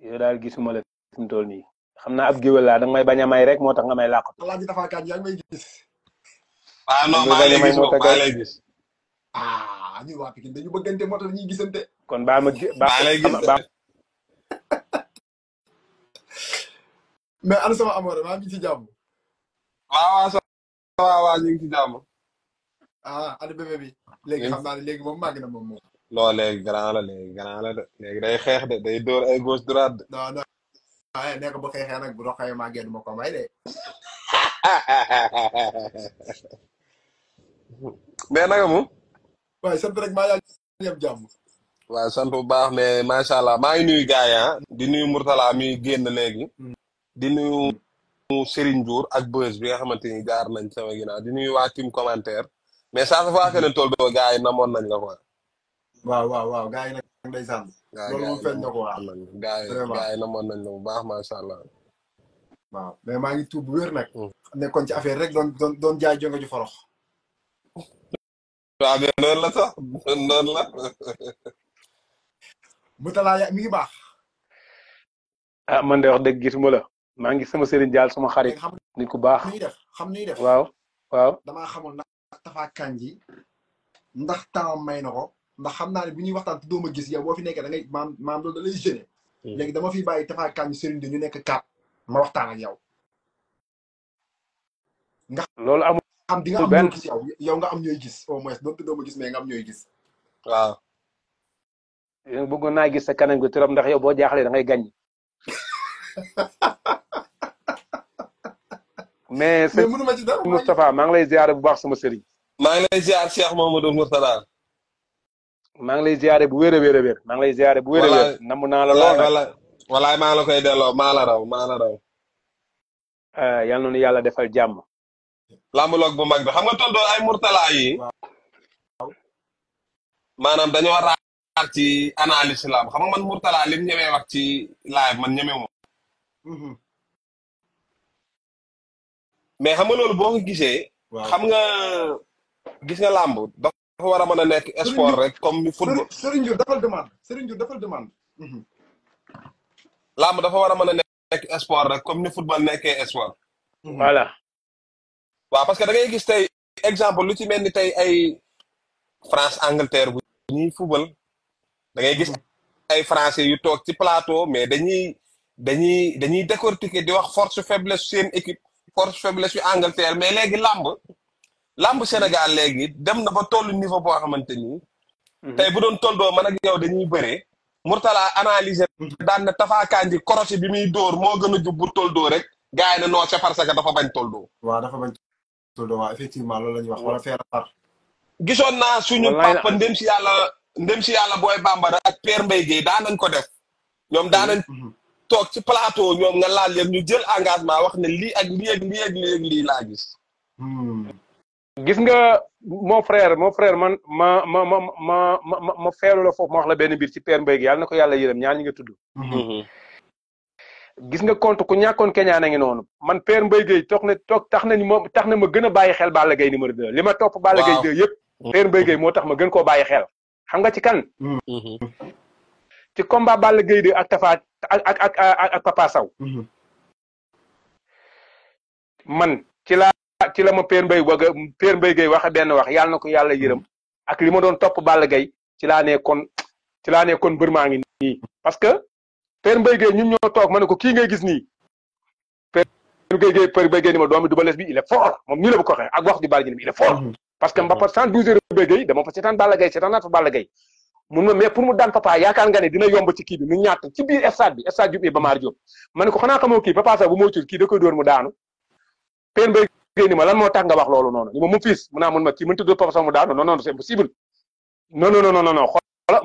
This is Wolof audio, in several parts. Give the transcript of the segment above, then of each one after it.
yooyu daal gisuma la fi mu toll nii xam naa ab géwél laa danga may bañ a may rek moo tax nga may làqatu. alaaji dafa kañ yaa ngi may gis. lay ah, gis moom maa ngi lay gis. ah ñu waa Pikine dañu ma baa lay gis baa amoore maa ngi ci jàmm. waaw ah, bi. léegi xam naa ne moom màgg na moom moom. loolee grand la grand la de léegi day xeex de day dóor ay gos droite de. non non ah, eh, nekk bu xeexee nag bu doxee maa génn ma ko may de. mais naka mu. waaye sant bu baax mais macha allah maa ngi nuyu gars yi ah. di nuyu Mourtala mi génn léegi. Hmm. di nuyu Serigne Diour ak Beuz bi nga xamante ni gaar nañ sama ginnaaw di nuyu waa team commentaire mais saa su fekkee hmm. ne tool bi gars nañ la quoi. waaw waaw waaw gars yi nag ndeysaan. na ko nañ bu baax macha allah. waaw mais maa ngi tuub bu wér nag. Mm. nekkoon ci affaire rek doon doon doon jaay jongo ju forox. waaw mais noonu mi baax. a ah, man de wax dëgg gisuma la. maa ngi sama sëriñ Dial sama xarit. nit ku baax xam def xam def. waaw dama damaa xamul ndax Tafa Kandji ndax temps may na ndax xam naa ne bu waxtaan te doo ma gis yow boo fi neke da ngay maam maam loolu da lay gêné hmm. léegi dama fiy bàyyi Tapha Kandji Serigne di ñu nekk kaat ma waxtaan ak yow nga loolu am xam di nga am ñoo gis yow yow nga am ñooy gis au moins doonte gis mais nga am ñooy gis waaw bëggoon naa gis sa kanam gi trop ndax yow boo jaaxlee da ngay gàññ mais sëñ Moustapha maa ngi lay ziar bu baax sama sëriñ maa ngi lay ziar Cheikh maa ngi lay ziare bu wéer a bu wéer a wéer namu naa la lool wala la koy delloo maa la raw maa la raw ah, yal na nu yàlla defal jàmm lambuloog bu mag xam nga tontoo ay murtala yi maanaam dañoo raar ci lamb xam man murtala lim ñemee wax ci live man ñeme moom mm-hmm. mais xam nga loolu boo gisee xam nga gis nga làmb dafa war a mën a nekk sport rek comme ñu football Serigne Diouf dafal demande Serigne Diouf dafal demande mhm. làmb dafa war a mën a nekk sport rek comme ni football nekkee sport mhm. voilà waaw parce que da ngay gis tey exemple lu ci mel ni tey ay France Angleterre bu ñuy football da ngay gis ay français yu toog ci plateau mais dañuy dañuy dañuy décortiquer di wax force faiblesse seen équipe force faiblesse yu Angleterre mais léegi làmb làmb Sénégal léegi dem na ba tollu niveau boo xamante ni. Mhm. tey bu doon tolloo man ak yow dañuy bëree. Mourtala analyser daan na Tapha Kandji bi muy dóor moo gën a jub bu tolloo rek gars yi ne non c'est parce que dafa bañ tolloo. waaw dafa bañ tolloo waaw effectivement loolu la ñuy wax wala faire part. gisoon naa suñu papa ndem si yàlla ndem si yàlla booy bambara ak Père Mbaye Guèye daan nañ ko def. ñoom daan nañ mhm. Mhm. toog ci plateau ñoom nga laal leen ñu jël engagement wax ne lii ak lii ak lii ak lii laa gis. Hmm. gis nga mon frère mon frère man ma ma ma ma ma ma feelu la foofu ma wax la benn mbir ci Père Mbaye gi na ko yàlla yërëm ñaar ñi nga tudd. Mhm. gis nga compte ku ñàkkoon keñaan a ngi noonu man Père Mbaye Gueye toog na toog tax nañ moom tax na ma gën a bàyyi xel Balla Gaye numéro 2 li ma topp Balla Gaye 2 yëpp mhm. Père Mbaye moo tax ma gën koo bàyyi xel xam nga ci kan mhm. ci combat Balla Gaye 2 ak Tafa ak Papa Sow man la ci la ma Père Mbaye waxe benn wax yàlla na ko yàlla yërëm ak li ma doon topp Balla Gaye ci laa ne kon ci laa ne kon mbër maa ngi nii parce que Père Mbaye Gueye ñoo toog ma ne ko kii ngay gis nii Père Mbaye Gueye Père Mbaye Gueye ni ma doomi Double Less bi il est fort moom nii la mm-hmm. dama fa seetaan Balla Gaye seetaan naa fa Balla Gaye mun ma mais pour mu daan papa yaakaar nga ne dina yomb ci kii bi nu ñaata ci biir stade bi stade bi ba maar Diop ma ne ko xanaa xamoo kii papa sax bu moytuwul kii da koy mu daanu Père ni ma lan moo tax nga wax loolu noonu ni ma mu fiis mu naa mun ma kii mënta dóor Papa Sow mu daanu non non c'est impossible non non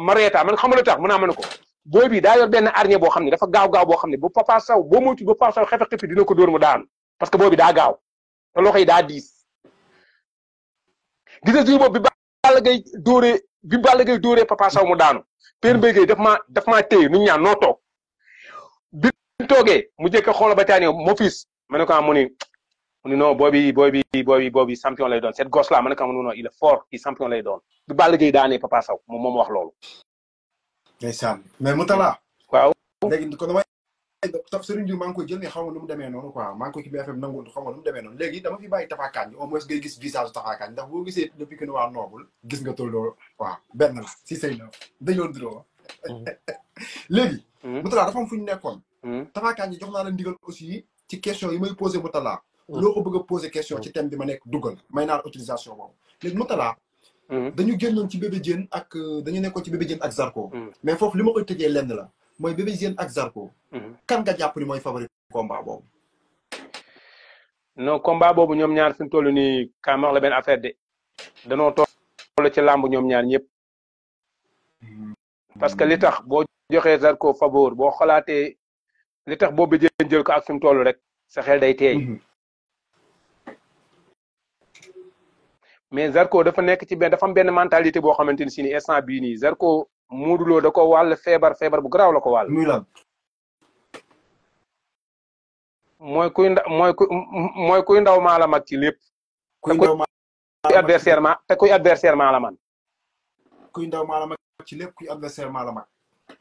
ma reetaa man tax mu naa ma ko booy daa yor benn arñe boo xam ne dafa gaaw-gaaw boo xam ne bu Papa Sow boo moytu ba Papa Sow xefe xippi dina ko dóor mu daanu parce que bi daa gaaw te loxo bi Balla Gaye dóoree bi Balla Gaye dóoree Papa Sow mu daanu daf maa daf maa téye nu ñaan noo toog bi toogee mu jëkk xoola ba caani mo fiis ma ne ko ah, mu ni mu ne non boobi boobi boobi boobi champion lay doon cette gosse là ma ne ko non il est fort kii champion lay doon du Balla Gaye daanee Papa Sow moom moom wax loolu. ndeysaan mais Moutala. waaw léegi dama fi bàyyi tafaakaan bi au moins gis visage tafaakaan ndax boo gisee depuis waa noobul gis nga tolloo waaw benn la si say na dañoo duróo mm-hmm. léegi mm-hmm. Moutala dafa am fu nekkoon mm-hmm. tafaakaan yi jox naa la ndigal aussi ci question yi may posé Moutala loo ko bëgg a question ci thème bi ma nekk dugal may naa la autorisation boobu léegi Moutalla hmm. dañu génnoon ci bébé Diène ak euh, dañu nekkoon ci bébé Diène ak Zarko hmm. mais foofu li ma koy lenn la mooy bébé Diène ak Zarko hmm. kan nga jàpp mooy favori combat boobu non combat boobu ñoom ñaar suñu toll nii kaamax la benn affaire de danoo toll ci làmb ñoom ñaar ñëpp parce que li tax boo joxee Zarko favor boo xalaatee li tax boobu Diène jël ko ak fi mu rek sa day teey mais Zarko dafa nekk ci benn dafa am benn mentalité boo xamante ni si ni instant bii nii Zarko Modou Lo da ko wàll feebar feebar bu garaaw la ko wàll. muy lan. mooy kuy ndaw mooy mooy kuy ndaw maa mag ci lépp. kuy ndaw maa kuy adversaire ma te kuy adversaire maa la man. kuy ci lépp kuy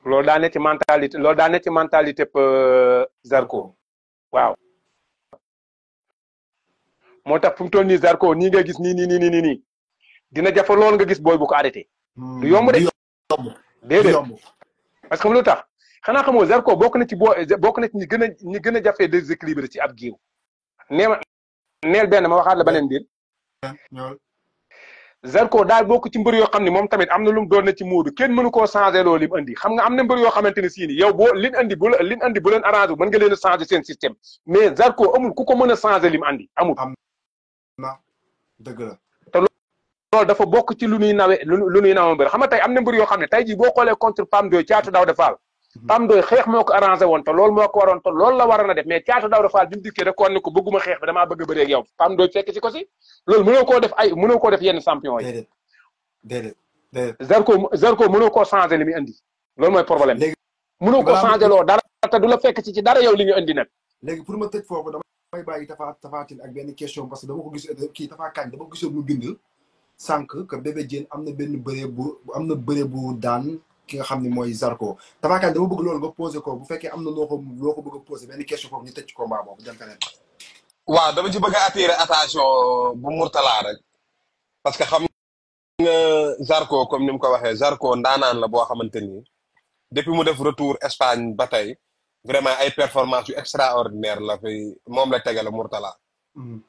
loolu daa nekk ci loolu daa ci mentalité euh, Zarko waaw. moo tax fu mu toll nii Zarko nii nga gis nii nii nii nii nii dina jafe lool nga gis booy bu ko arrêté. Hmm, du yomb de. du yomb déedéet parce que lu tax xanaa xamoo Zarko bokk na ci boo bokk na ci ñi gën a ñi gën a jafe déséquilibre ci ab géew. nee ma neel benn ma waxaat la beneen mbir. Zarko daal bokk ci mbër yoo xam ne moom tamit am na lu mu doon na ci muudu kenn mënu koo changé loolu lim andi xam nga am na mbër yoo xamante ne sii nii yow boo liñ andi bu bu leen arrangé mën nga leen a changé seen système mais Zarko amul ku ko mën a changé lim andi na dëgg la. te dafa bokk ci lu nuy nawe lu nuy nawe mbër xam nga tey am na mbër yoo xam ne tey jii boo xoolee contre PAM doy caatu daaw defaal. Mhm. PAM doy xeex moo ko arrangé woon te loolu moo ko waroon te loolu la waroon a def mais caatu daaw defaal bi mu dikkee rek kon ne ko bëgguma xeex bi damaa bëgg a bëree ak yow PAM doy fekk ci ko si loolu mënoo koo def ay mënoo koo def yenn champion yi. déedéet déedéet déedéet. Zarko Zarko mënoo koo changé li muy indi loolu mooy problème. léegi mënoo ko changé loo dara te la fekk ci ci dara yow li nga indi nag léegi pour ma tëj foofu dama may bàyyi Tapha Tapha Tine ak benn question parce que dama ko gis kii Tapha Kandji dama ko gisoon mu bind que Bébé Diène am na benn bëree bu am na bëree bu daan ki nga xam ne mooy Zarko Tapha Kandji dama bëgg loolu nga posé ko bu fekkee am na loo ko loo ko bëgg a posé benn question foofu ñu tëj ci combat boobu jëm kanam. waaw dama ci bëgg a attirer attention bu Mourtala rek parce que xam nga Zarko comme ni mu ko waxee Zarko ndaanaan la boo xamante ni depuis mu def retour Espagne ba tey vraiment ay performance yu extraordinaire la fi moom la tegale Mourtala. Mm-hmm.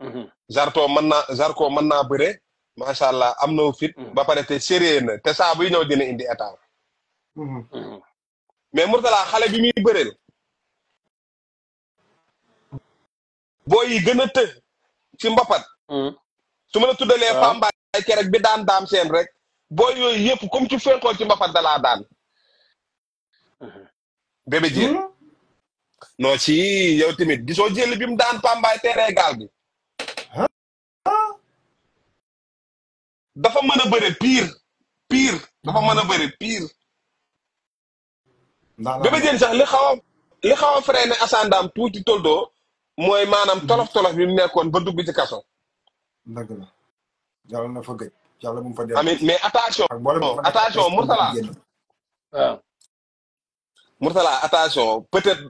Mm-hmm. Zarko mën naa Zarko mën naa bëre macha allah am na fit. Mm-hmm. ba pare te sérieux na te saa buy ñëw dina indi état. mais Mourtala xale bi muy bëreel. booy yi gën të ci mbapat. su ma la tuddalee. waaw Pambaay kerek bi daan daam seen rek. boo yooyu yëpp comme ci fenkool ci mbapat dalaa daan. bébé jéen hmm? non ci yow tamit gisoo jël bi mu daan pambaay teeree gaal gi dafa mën a bëre piir pire dafa mën a bëre pire hmm. bébé jéen sax li xaw li xaw a ne asandaam tuuti toldoo mooy maanaam tolof-tolof hmm. bi mu nekkoon ba dugg ci kaso dëgg la yàlla na fa gëj fa dee amiin mais attention attention Mourtala attention peut-être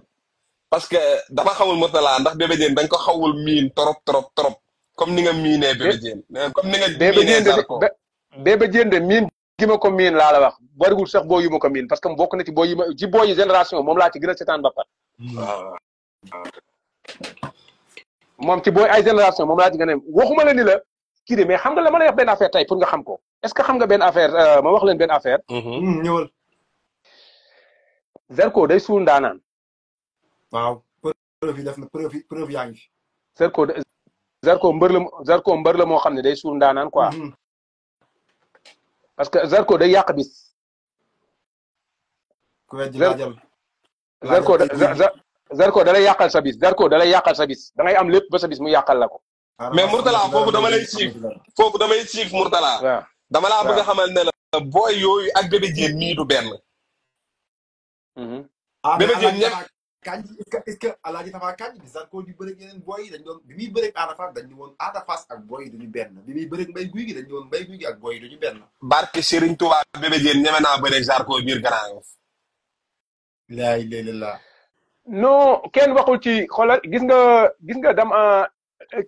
parce que dama xamul Mourtala ndax Bébé Diène danga ko xawul miin trop trop trop comme ni nga miinee Bébé Diène euh, comme ni nga miinee Zarko Bébé Diène de miin gi ko miin laa la wax bariwul sax boo yu ma ko miin parce que mu bokk na ci boo yi ma ci boo yi génération moom laa ci gën a seetaan ba pare waaw hmm. ah. moom ci booy ay génération moom laa ci gën a waxuma la ni la kii de mais xam nga la ma lay wax benn pour nga xam ko est-ce que xam nga benn affaire euh, ma wax leen benn affaire mm-hmm. hmm, Zarko day suul ndaanaan. def na preuve preuve yaa ngi. Zarko de Zarko mbër la moo xam ne day suul ndaanaan quoi. Mhm. parce que Zarko day yàq bis. di laajal. Zarko Zarko da lay yàqal sa bis Zarko da lay yàqal sa am lépp ba sa mu yàqal la ko. Ah, mais ah, Mourtala ah, dama lay siif foofu damay siif Mourtala. dama laa bëgg xamal ne la. booy yooyu ak bébé jéen mii du benn. Mm-hmm. Ah, bébé jën ñëpp kanj est-ce que est-ce que alaaji dafa kanj bi Zarko yi dañ doon bi dañ woon Ada Fass ak boy yi duñu benn bi muy bëreeg mbay guy gi dañ woon mbay guy gi ak boy yi duñu benn barke Serigne Touba bébé jën ñeme naa bëreeg Zarko biir Grand Yoff laa ilaaha illallaah kenn waxul ci xoolal gis nga gis nga dam euh,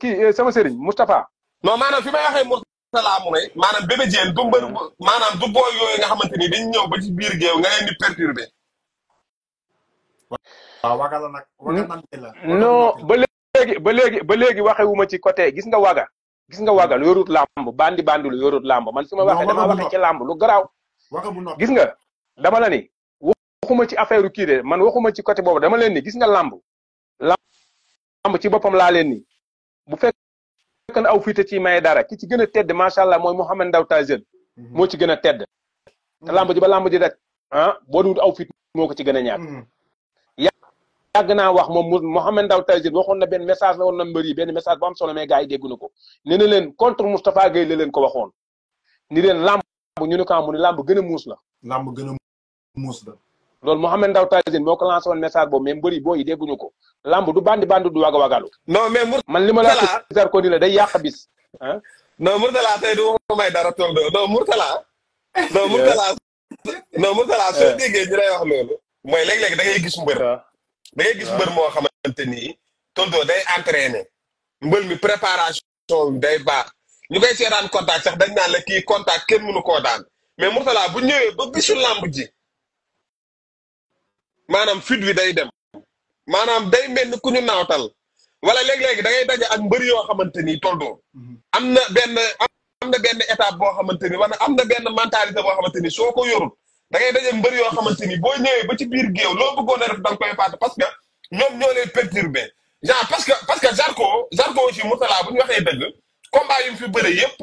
ki euh, sama Serigne Moustapha non maanaam fi may waxee Mourtala mu ne maanaam bébé jën du mbër mm-hmm. maanaam du booy nga xamante ni ñëw ba ci biir géew nga leen di perturbé waaw non ba léegi ba léegi ba léegi waxewuma ci côté gis nga waga gis nga waga lu yorut làmb bandi bandi lu yorut làmb man su ma waxee dama waxee ci làmb lu garaaw gis nga dama la ni waxuma ci affaire kii de man waxuma ci côté boobu dama leen ni gis nga làmb làmb ci boppam laa leen ni bu fekk na aw fiite ci may dara ki ci gën a tedd macha allah mooy Mouhamed ndaw Tyson mhm. moo ci gën a tedd te làmb ji ba làmb ji rek ah boo dul aw fit moo ko ci gën a ñaar mhm. yàgg naa wax moom Mouhamed Ndao Tazir waxoon na benn message la woon na mbër yi benn message bu am solo mais gars yi dégguñu ko nee na leen contre Moustapha Gueye la leen ko waxoon ni leen làmb ñu ne ko ah mu ne làmb gën muus la. làmb gën a muus moo ko lancé woon message boobu mais mbër yi booy yi dégguñu ko làmb du bandi bandi du waga wagalu. non mais Mourtala man li ma la Zarko ko ni la day yàq bis. ah non Mourtala tey ma may dara tool non Mourtala. non Mourtala non Mourtala soo eh. déggee ñu lay wax loolu. mooy léeg-léeg da gis mbër da gis mbër moo xamante ni tonto day entraîné mbër mi préparation day baax ñu koy seeraan contact sax dañ naan la kii contact kenn mënu koo daan mais Mourtala bu ñëwee ba bisu làmb ji maanaam fit wi day dem maanaam day mel ni ku ñu naawtal wala léeg-léegi dangay daje ak mbër yoo xamante ni tonto am na benn am na benn étape boo xamante ni wala am na benn mentalité boo xamante ni soo ko yorul da ngay daje mbër yoo xamante ni boo ñëwee ba ci biir géew loo bëggoon a def da koy fàtte parce que ñoom ñoo lay perturbé genre parce que parce que Zarko Zarko aussi Mourtala bu ñu waxee dëgg combat yu mu fi bëre yépp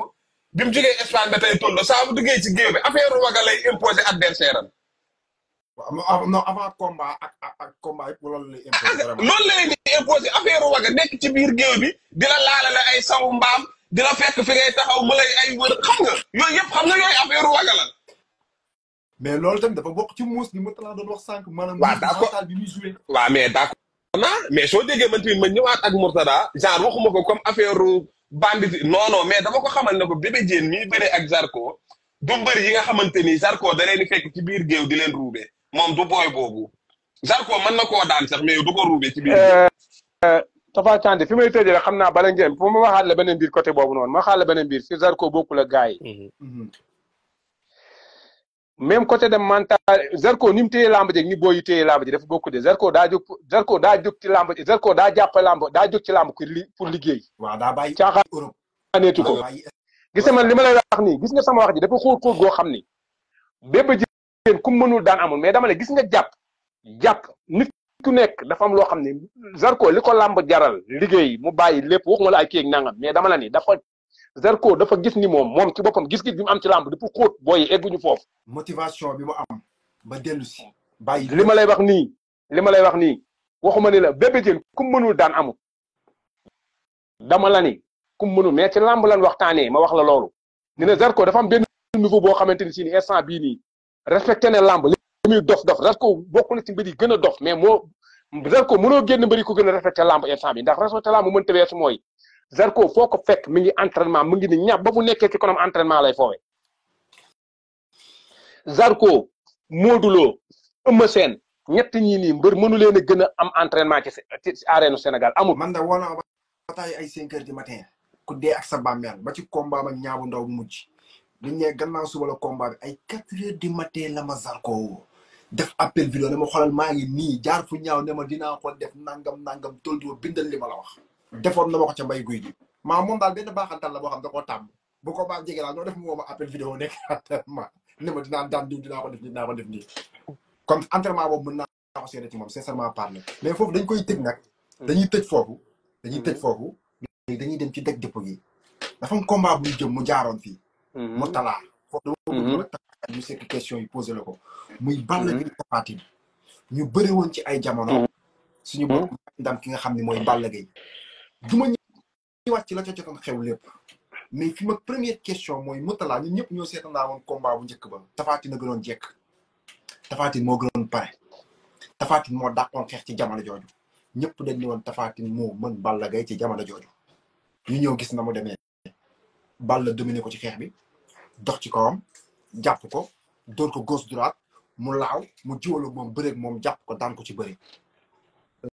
bi mu jógee Espagne ba tey toll saa bu ci géew bi affaire waga lay imposé adversaire am. waaw non avant combat ak ak ak combat yëpp loolu lay nekk ci biir géew bi di la laalale ay sawu mbaam di la fekk fi ngay taxaw mu lay ay wër xam nga yooyu yëpp xam nga yooyu affaire mais loolu tamit dafa bokk ci muus bi ma talaa doon wax sànq. maanaam muus bi muy joué. waaw mais d' accord mais soo déggee man tamit ma ñëwaat ak Mourtada genre waxuma ko comme affaire bandit non non mais dama ko xaman ne ko Bébé Diène mi bëree ak Zarko du yi nga xamante ni Zarko da leen fekk ci biir géew di leen ruube moom du booy boobu Zarko man na koo daan sax mais du ko ruube ci biir géew. Euh, euh, Tafa Kandé fi xam naa bala ngeen pour ma waxaat la beneen biir côté boobu noonu ma waxaat la beneen biir si Zarko bokkul ak même côté de mental Zarko ni mu téye làmb ji ñu booy yu téye làmb ji dafa bokk de Zarko daa jóg Zarko daa jóg ci làmb ji Zarko daa jàpp làmb daa jóg ci làmb pour liggéey. waaw daa bàyyi Europe caaxaaneetu ko. gis man li ma lay wax ni gis nga sama wax ji dafa xóot xóot goo xam ni bépp jigéen ku mënul daan amul mais dama ne gis nga jàpp jàpp nit ku nekk dafa am loo xam ne Zarko li ko làmb jaral liggéey mu bàyyi lépp waxuma la ay kii ak nangam mais dama la ni dafa Zarko dafa gis ni moom moom ci boppam gis-gis bi mu am ci làmb di pour xóot booy egguñu foofu. motivation bi mu am ba dellu si. bàyyi li ma lay wax nii li ma lay wax nii waxuma ni la Bébé Diène ku mënul daan amul dama la ni ku mënul mais ci làmb lan waxtaanee ma wax la loolu ni ne Zarko dafa am benn niveau boo xamante ni si ni instant bii nii respecté ne làmb li muy dof dof Zarko bokk na ci mbir yi gën a dof mais moo Zarko mënoo génn mbir yi ko gën a respecté làmb instant bi ndax mën tawee mooy Zarko foo ko fekk mi ngi entraînement mu ngi ni ñàpp ba mu nekkee ci kanam entraînement lay foowee Zarko Modou Lo Eumeu Sène ñett ñii nii mbër mënu leen a gën a am entraînement ci ci arène Sénégal amul. man da woo naa ay 5 heures du matin ku dee ak sa bàmmeel ba ci combat ak ñaabu ndaw mujj liñ ne gannaaw suba ay 4 heures du matin la ma Zarko def appel vidéo ne ma xoolal maa ngi nii jaar fu ñaaw ne ma dinaa ko def nangam nangam tóol di bindal la wax. defoon na wax ca mbay guy gi maa moom daal benn baaxantal la boo xam da koo tàmm bu ko baax jege laa noo def mu woo ma appel vidéo nekk entraînement ne ma dinaa daan diw dinaa ko def nii dinaa ko def nii kon entraînement boobu foofu dañ koy tëj nag mm. dañuy tëj foofu dañuy tëj mm-hmm. foofu dañuy dem ci deg dëpp gi dafa am combat bu ñu jëm mu jaaroon fii mm-hmm. mu talaa foofu dama ñu sekk question yi posé la ko muy Balla mm-hmm. Gaye Tapha Tine ñu bëri woon ci ay jamono suñu bopp ndam ki nga xam ne mooy Balla Gaye du ma ñëwaat ci la ca jotoon xew lépp mais fi ma première question mooy Mourtalla ñun ñëpp ñoo seetanaa woon combat bu njëkk ba Tapha Tine na gënoon jekk Tapha Tine moo gënoon pare Tapha moo dàqoon xeex ci jamono jooju ñëpp dañ ne woon Tapha Tine moo mën Balla Gaye ci jamono jooju ñu ñëw gis na mu demee Balla dominé ko ci xeex bi dox ci kawam jàpp ko dóor ko gauche droite mu laaw mu jiwal moom bëreeg moom jàpp ko daan ko ci bëri